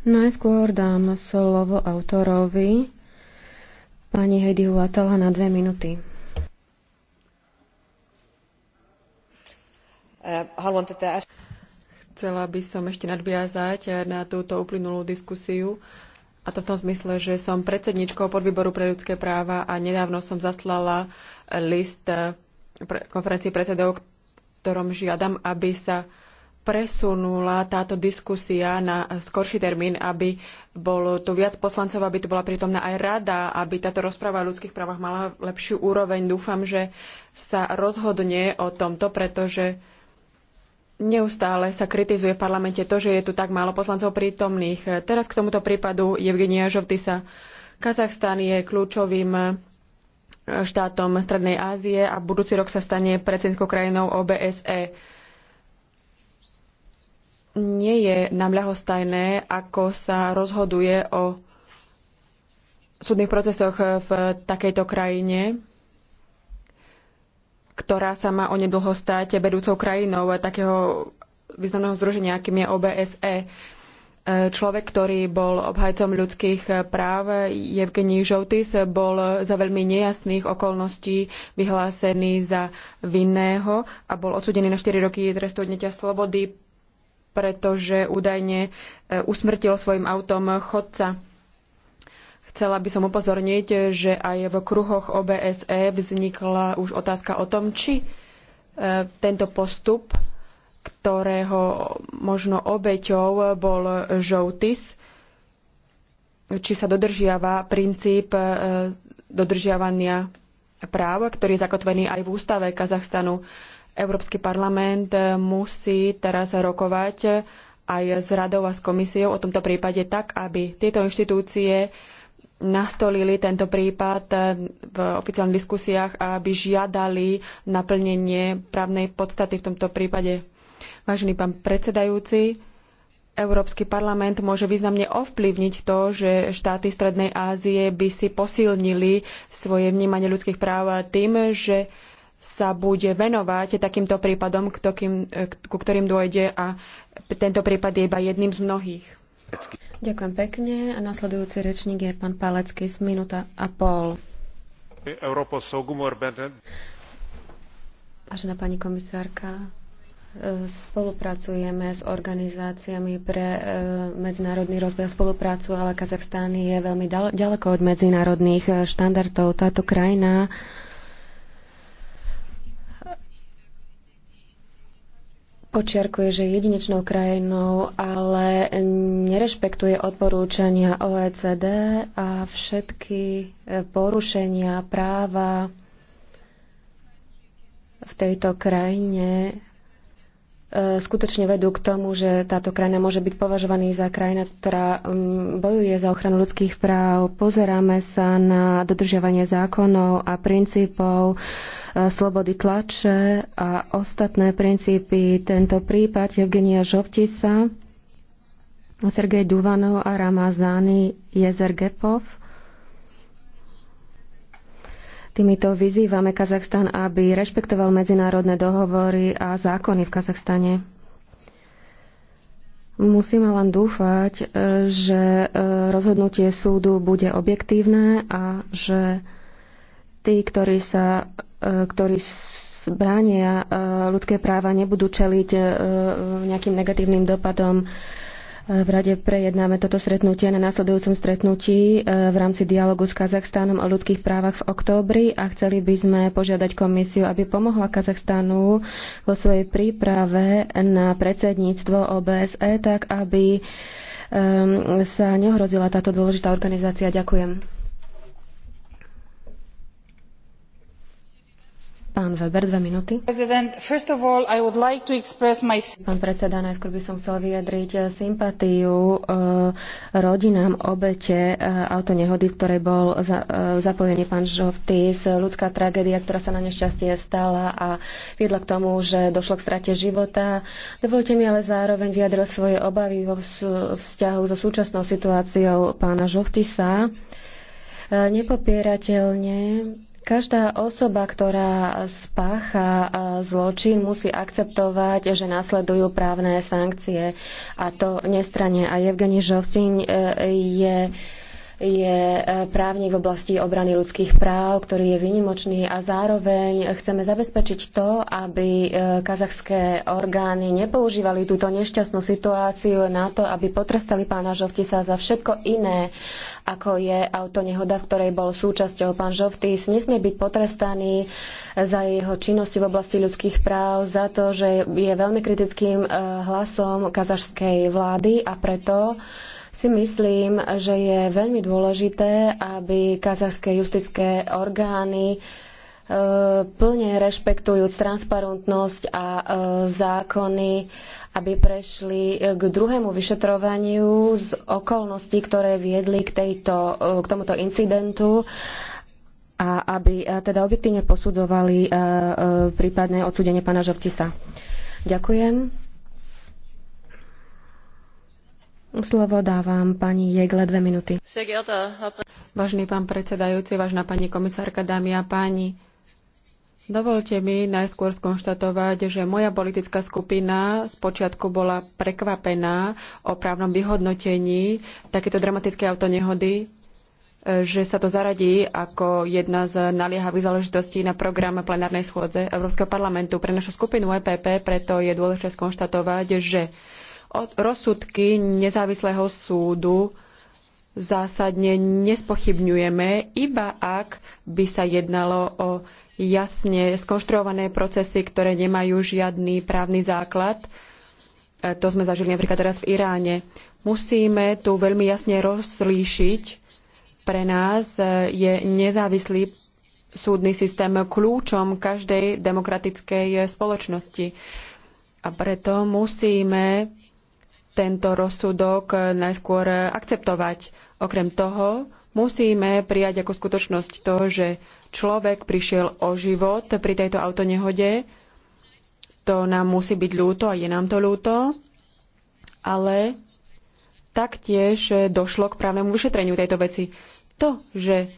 Najskôr dám slovo autorovi, pani Heidi Huatala, na dve minúty. Chcela by som ešte nadviazať na túto uplynulú diskusiu, a to v tom zmysle, že som predsedničkou podvýboru pre ľudské práva a nedávno som zaslala list konferencii predsedov, ktorom žiadam, aby sa presunula táto diskusia na skorší termín, aby bolo tu viac poslancov, aby tu bola prítomná aj rada, aby táto rozpráva o ľudských právach mala lepšiu úroveň. Dúfam, že sa rozhodne o tomto, pretože neustále sa kritizuje v parlamente to, že je tu tak málo poslancov prítomných. Teraz k tomuto prípadu Evgenia Žovtisa. Kazachstan je kľúčovým štátom Strednej Ázie a budúci rok sa stane predsedníckou krajinou OBSE nie je nám ľahostajné, ako sa rozhoduje o súdnych procesoch v takejto krajine, ktorá sa má o nedlho stať vedúcou krajinou takého významného združenia, akým je OBSE. Človek, ktorý bol obhajcom ľudských práv, Evgení Žoutis, bol za veľmi nejasných okolností vyhlásený za vinného a bol odsudený na 4 roky trestu odnetia slobody pretože údajne e, usmrtil svojim autom chodca. Chcela by som upozorniť, že aj v kruhoch OBSE vznikla už otázka o tom, či e, tento postup, ktorého možno obeťou bol žoutis, či sa dodržiava princíp e, dodržiavania práv, ktorý je zakotvený aj v ústave Kazachstanu. Európsky parlament eh, musí teraz rokovať eh, aj s radou a s komisiou o tomto prípade tak, aby tieto inštitúcie nastolili tento prípad eh, v oficiálnych diskusiách a aby žiadali naplnenie právnej podstaty v tomto prípade. Vážený pán predsedajúci, Európsky parlament môže významne ovplyvniť to, že štáty Strednej Ázie by si posilnili svoje vnímanie ľudských práv tým, že sa bude venovať takýmto prípadom, ku ktorým dôjde a tento prípad je iba jedným z mnohých. Ďakujem pekne. A nasledujúci rečník je pán Palecký z minúta a pol. Vážená pani komisárka, e, spolupracujeme s organizáciami pre e, medzinárodný rozvoj a spoluprácu, ale Kazachstán je veľmi ďaleko od medzinárodných e, štandardov. Táto krajina počiarkuje, že je jedinečnou krajinou, ale nerešpektuje odporúčania OECD a všetky e, porušenia práva v tejto krajine e, skutočne vedú k tomu, že táto krajina môže byť považovaná za krajina, ktorá bojuje za ochranu ľudských práv. Pozeráme sa na dodržiavanie zákonov a princípov E, slobody tlače a ostatné princípy. Tento prípad Evgenia Žovtisa, Sergej Duvanov a Ramazány Jezer Gepov. Týmito vyzývame Kazachstan, aby rešpektoval medzinárodné dohovory a zákony v Kazachstane. Musíme len dúfať, e, že e, rozhodnutie súdu bude objektívne a že tí, ktorí sa ktorí bránia e, ľudské práva, nebudú čeliť e, nejakým negatívnym dopadom. E, v rade prejednáme toto stretnutie na následujúcom stretnutí v rámci dialogu s Kazachstánom o ľudských právach v októbri a chceli by sme požiadať komisiu, aby pomohla Kazachstánu vo svojej príprave na predsedníctvo OBSE, tak aby sa neohrozila táto dôležitá organizácia. Ďakujem. Pán Weber, dve minúty. Pán predseda, najskôr by som chcel vyjadriť eh, sympatiu eh, rodinám obete eh, autonehody, v ktorej bol zapojený pán Žovtis. Ľudská tragédia, ktorá sa na nešťastie stala a viedla k tomu, že došlo k strate života. Dovolte mi ale zároveň vyjadriť svoje obavy vo vzťahu so súčasnou situáciou pána Žovtisa. Nepopierateľne Každá osoba, ktorá spácha e, zločin, musí akceptovať, že následujú právne sankcie a to nestranie. A Evgeni Žovstin e, je je e, právnik v oblasti obrany ľudských práv, ktorý je vynimočný a zároveň chceme zabezpečiť to, aby e, kazachské orgány nepoužívali túto nešťastnú situáciu na to, aby potrestali pána Žovtisa za všetko iné, ako je auto nehoda, v ktorej bol súčasťou. Pán Žovtis nesmie byť potrestaný za jeho činnosti v oblasti ľudských práv, za to, že je veľmi kritickým e, hlasom kazašskej vlády a preto si myslím, že je veľmi dôležité, aby kazachské justické orgány e, plne rešpektujúc transparentnosť a e, zákony, aby prešli k druhému vyšetrovaniu z okolností, ktoré viedli k, tejto, e, k tomuto incidentu a aby teda objektívne posudzovali prípadné odsudenie pána Žovtisa. Ďakujem. Slovo dávam pani Jegle dve minúty. Vážený pán predsedajúci, vážna pani komisárka, dámy a páni, dovolte mi najskôr skonštatovať, že moja politická skupina spočiatku bola prekvapená o právnom vyhodnotení takéto dramatické autonehody, že sa to zaradí ako jedna z naliehavých záležitostí na program plenárnej schôdze Európskeho parlamentu. Pre našu skupinu EPP preto je dôležité skonštatovať, že rozsudky nezávislého súdu zásadne nespochybňujeme, iba ak by sa jednalo o jasne skonštruované procesy, ktoré nemajú žiadny právny základ. E, to sme zažili napríklad teraz v Iráne. Musíme tu veľmi jasne rozlíšiť. Pre nás e, je nezávislý súdny systém kľúčom každej demokratickej spoločnosti. A preto musíme tento rozsudok najskôr akceptovať. Okrem toho musíme prijať ako skutočnosť to, že človek prišiel o život pri tejto autonehode. To nám musí byť ľúto a je nám to ľúto, ale taktiež došlo k právnemu vyšetreniu tejto veci. To, že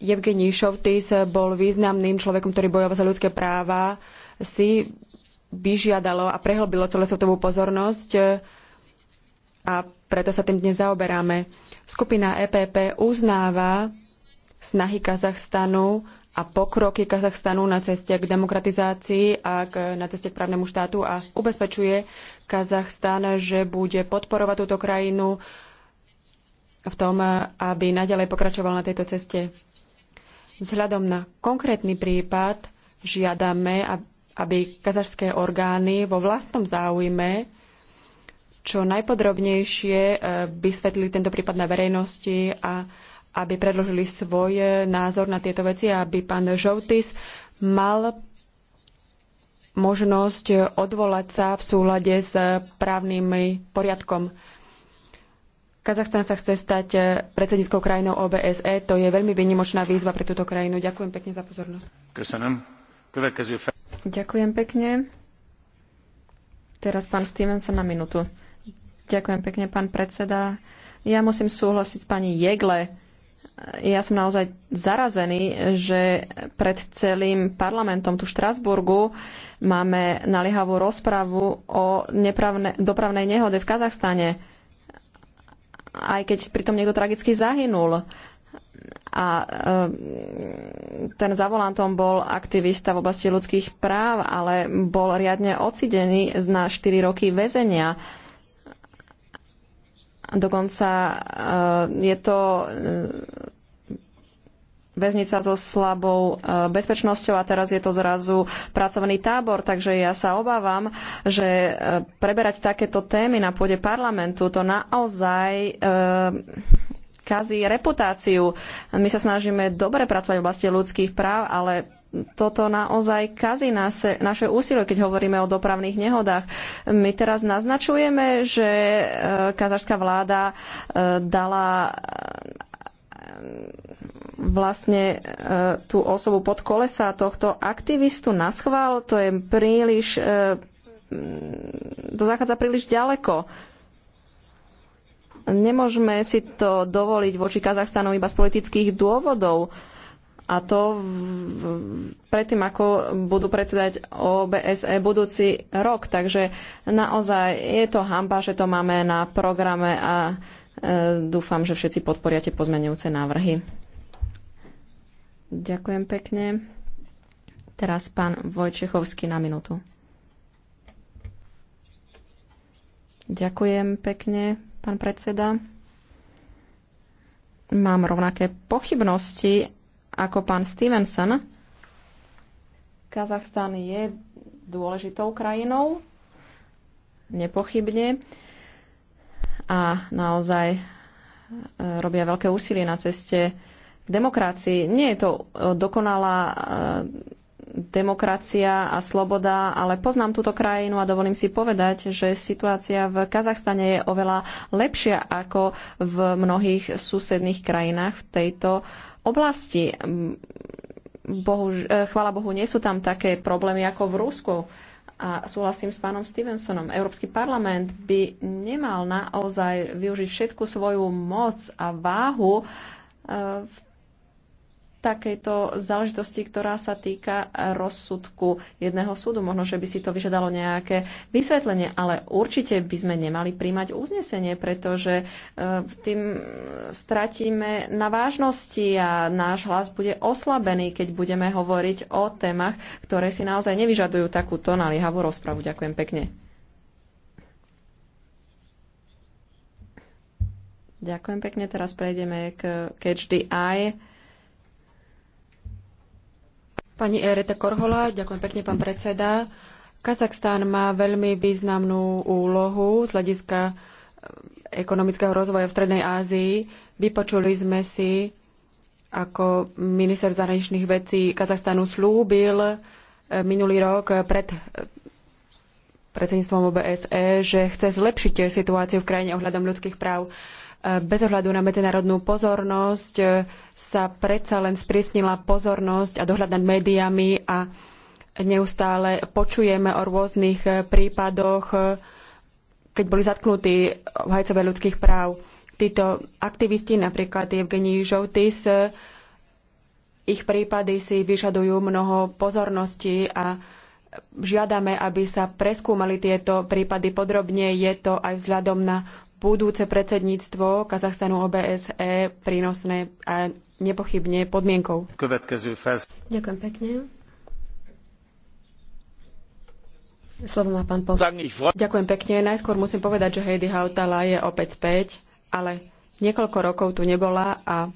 Evgeni Šovtis bol významným človekom, ktorý bojoval za ľudské práva, si vyžiadalo a prehlbilo celé svetovú pozornosť a preto sa tým dnes zaoberáme. Skupina EPP uznáva snahy Kazachstanu a pokroky Kazachstanu na ceste k demokratizácii a k, na ceste k právnemu štátu a ubezpečuje Kazachstan, že bude podporovať túto krajinu v tom, aby nadalej pokračoval na tejto ceste. Vzhľadom na konkrétny prípad žiadame, aby kazašské orgány vo vlastnom záujme čo najpodrobnejšie eh, vysvetlili tento prípad na verejnosti a aby predložili svoj eh, názor na tieto veci a aby pán Žoutis mal možnosť eh, odvolať sa v súlade s právnym poriadkom. Kazachstan sa chce stať predsedníckou krajinou OBSE. To je veľmi výnimočná výzva pre túto krajinu. Ďakujem pekne za pozornosť. Ďakujem pekne. Teraz pán Stevenson na minútu. Ďakujem pekne, pán predseda. Ja musím súhlasiť s pani Jegle. Ja som naozaj zarazený, že pred celým parlamentom tu v Štrasburgu máme naliehavú rozpravu o nepravne, dopravnej nehode v Kazachstane. Aj keď pritom niekto tragicky zahynul a e, ten za volantom bol aktivista v oblasti ľudských práv, ale bol riadne ocidený na 4 roky väzenia. Dokonca eh, je to eh, väznica so slabou eh, bezpečnosťou a teraz je to zrazu pracovný tábor, takže ja sa obávam, že preberať takéto témy na pôde parlamentu to naozaj kazí reputáciu. My sa snažíme dobre pracovať v oblasti ľudských práv, ale toto naozaj kazí naše, naše úsilie, keď hovoríme o dopravných nehodách. My teraz naznačujeme, že e, kazašská vláda e, dala e, vlastne tú osobu pod kolesa tohto aktivistu na schvál, to je príliš, to zachádza príliš ďaleko. Nemôžeme si to dovoliť voči Kazachstanu iba z politických dôvodov a to predtým, ako budú predsedať OBSE budúci rok. Takže naozaj je to hamba, že to máme na programe a e, dúfam, že všetci podporiate pozmenujúce návrhy. Ďakujem pekne. Teraz pán Vojčechovský na minútu. Ďakujem pekne, pán predseda. Mám rovnaké pochybnosti ako pán Stevenson. Kazachstan je dôležitou krajinou, nepochybne. A naozaj e, robia veľké úsilie na ceste k demokracii. Nie je to e, dokonalá e, demokracia a sloboda, ale poznám túto krajinu a dovolím si povedať, že situácia v Kazachstane je oveľa lepšia ako v mnohých susedných krajinách v tejto oblasti. Bohu, eh, chvala Bohu, nie sú tam také problémy ako v Rusku. A súhlasím s pánom Stevensonom. Európsky parlament by nemal naozaj využiť všetku svoju moc a váhu eh, v takejto záležitosti, ktorá sa týka rozsudku jedného súdu. Možno, že by si to vyžadalo nejaké vysvetlenie, ale určite by sme nemali príjmať uznesenie, pretože e, tým stratíme na vážnosti a náš hlas bude oslabený, keď budeme hovoriť o témach, ktoré si naozaj nevyžadujú takúto naliehavú rozpravu. Ďakujem pekne. Ďakujem pekne. Teraz prejdeme k Catch the Eye. Pani Erete Korhola, ďakujem pekne, pán predseda. Kazachstán má veľmi významnú úlohu z hľadiska eh, ekonomického rozvoja v Strednej Ázii. Vypočuli sme si, ako minister zahraničných vecí Kazachstanu slúbil eh, minulý rok pred eh, predsedníctvom OBSE, že chce zlepšiť situáciu v krajine ohľadom ľudských práv bez ohľadu na medzinárodnú pozornosť e, sa predsa len sprísnila pozornosť a dohľad nad médiami a neustále počujeme o rôznych e, prípadoch, e, keď boli zatknutí obhajcovia ľudských práv. Títo aktivisti, napríklad Evgenii Žoutis, ich prípady si vyžadujú mnoho pozornosti a žiadame, aby sa preskúmali tieto prípady podrobne. Je to aj vzhľadom na budúce predsedníctvo Kazachstanu OBSE prínosné a nepochybne podmienkou. Ďakujem pekne. Slovo má pán posl. Ďakujem pekne. Najskôr musím povedať, že Heidi Hautala je opäť späť, ale niekoľko rokov tu nebola a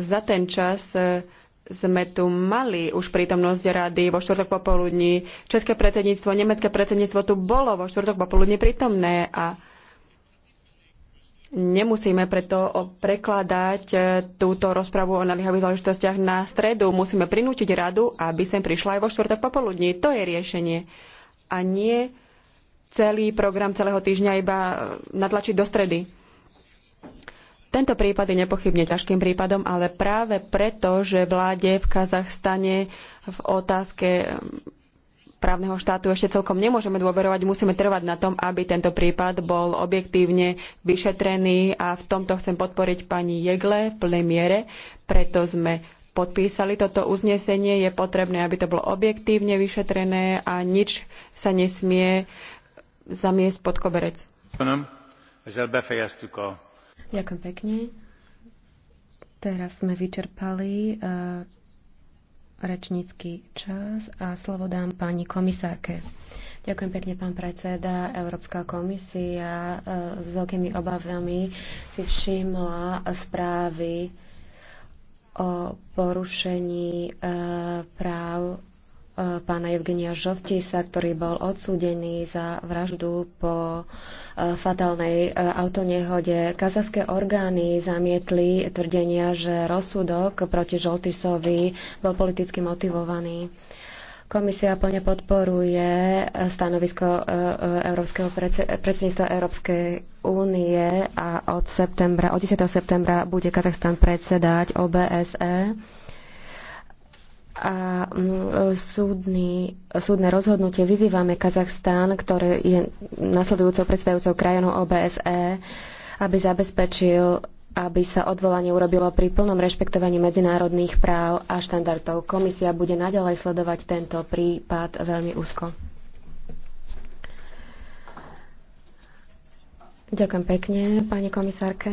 za ten čas e, sme tu mali už prítomnosť rady vo štvrtok popoludní. České predsedníctvo, nemecké predsedníctvo tu bolo vo štvrtok popoludní prítomné a Nemusíme preto prekladať e, túto rozpravu o naliehavých záležitostiach na stredu. Musíme prinútiť radu, aby sem prišla aj vo štvrtok popoludní. To je riešenie. A nie celý program celého týždňa iba e, natlačiť do stredy. Tento prípad je nepochybne ťažkým prípadom, ale práve preto, že vláde v Kazachstane v otázke právneho štátu ešte celkom nemôžeme dôverovať. Musíme trvať na tom, aby tento prípad bol objektívne vyšetrený a v tomto chcem podporiť pani Jegle v plnej miere, preto sme podpísali toto uznesenie. Je potrebné, aby to bolo objektívne vyšetrené a nič sa nesmie zamiesť pod koberec. Ďakujem pekne. Teraz sme vyčerpali eh, rečnícky čas a slovo dám pani komisárke. Ďakujem pekne, pán predseda. Európska komisia e, s veľkými obavami si všimla správy o porušení e, práv pána Evgenia Žovtisa, ktorý bol odsúdený za vraždu po e, fatálnej e, autonehode. Kazaské orgány zamietli tvrdenia, že rozsudok proti Žoltisovi bol politicky motivovaný. Komisia plne podporuje stanovisko e, Európskeho predsedníctva Európskej únie a od, septembra, od 10. septembra bude Kazachstan predsedať OBSE a súdny, súdne rozhodnutie vyzývame Kazachstán, ktorý je nasledujúcou predstavujúcou krajinou OBSE, aby zabezpečil, aby sa odvolanie urobilo pri plnom rešpektovaní medzinárodných práv a štandardov. Komisia bude naďalej sledovať tento prípad veľmi úzko. Ďakujem pekne, pani komisárke.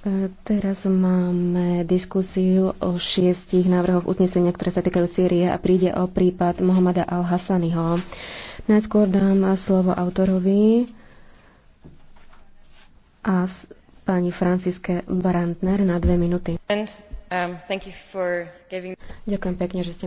E, teraz máme diskusiu o šiestich návrhoch uznesenia, ktoré sa týkajú Sýrie a príde o prípad Mohamada al-Hassaniho. Najskôr dám slovo autorovi a pani Franciske Barantner na dve minúty. And, um, giving... Ďakujem pekne, že ste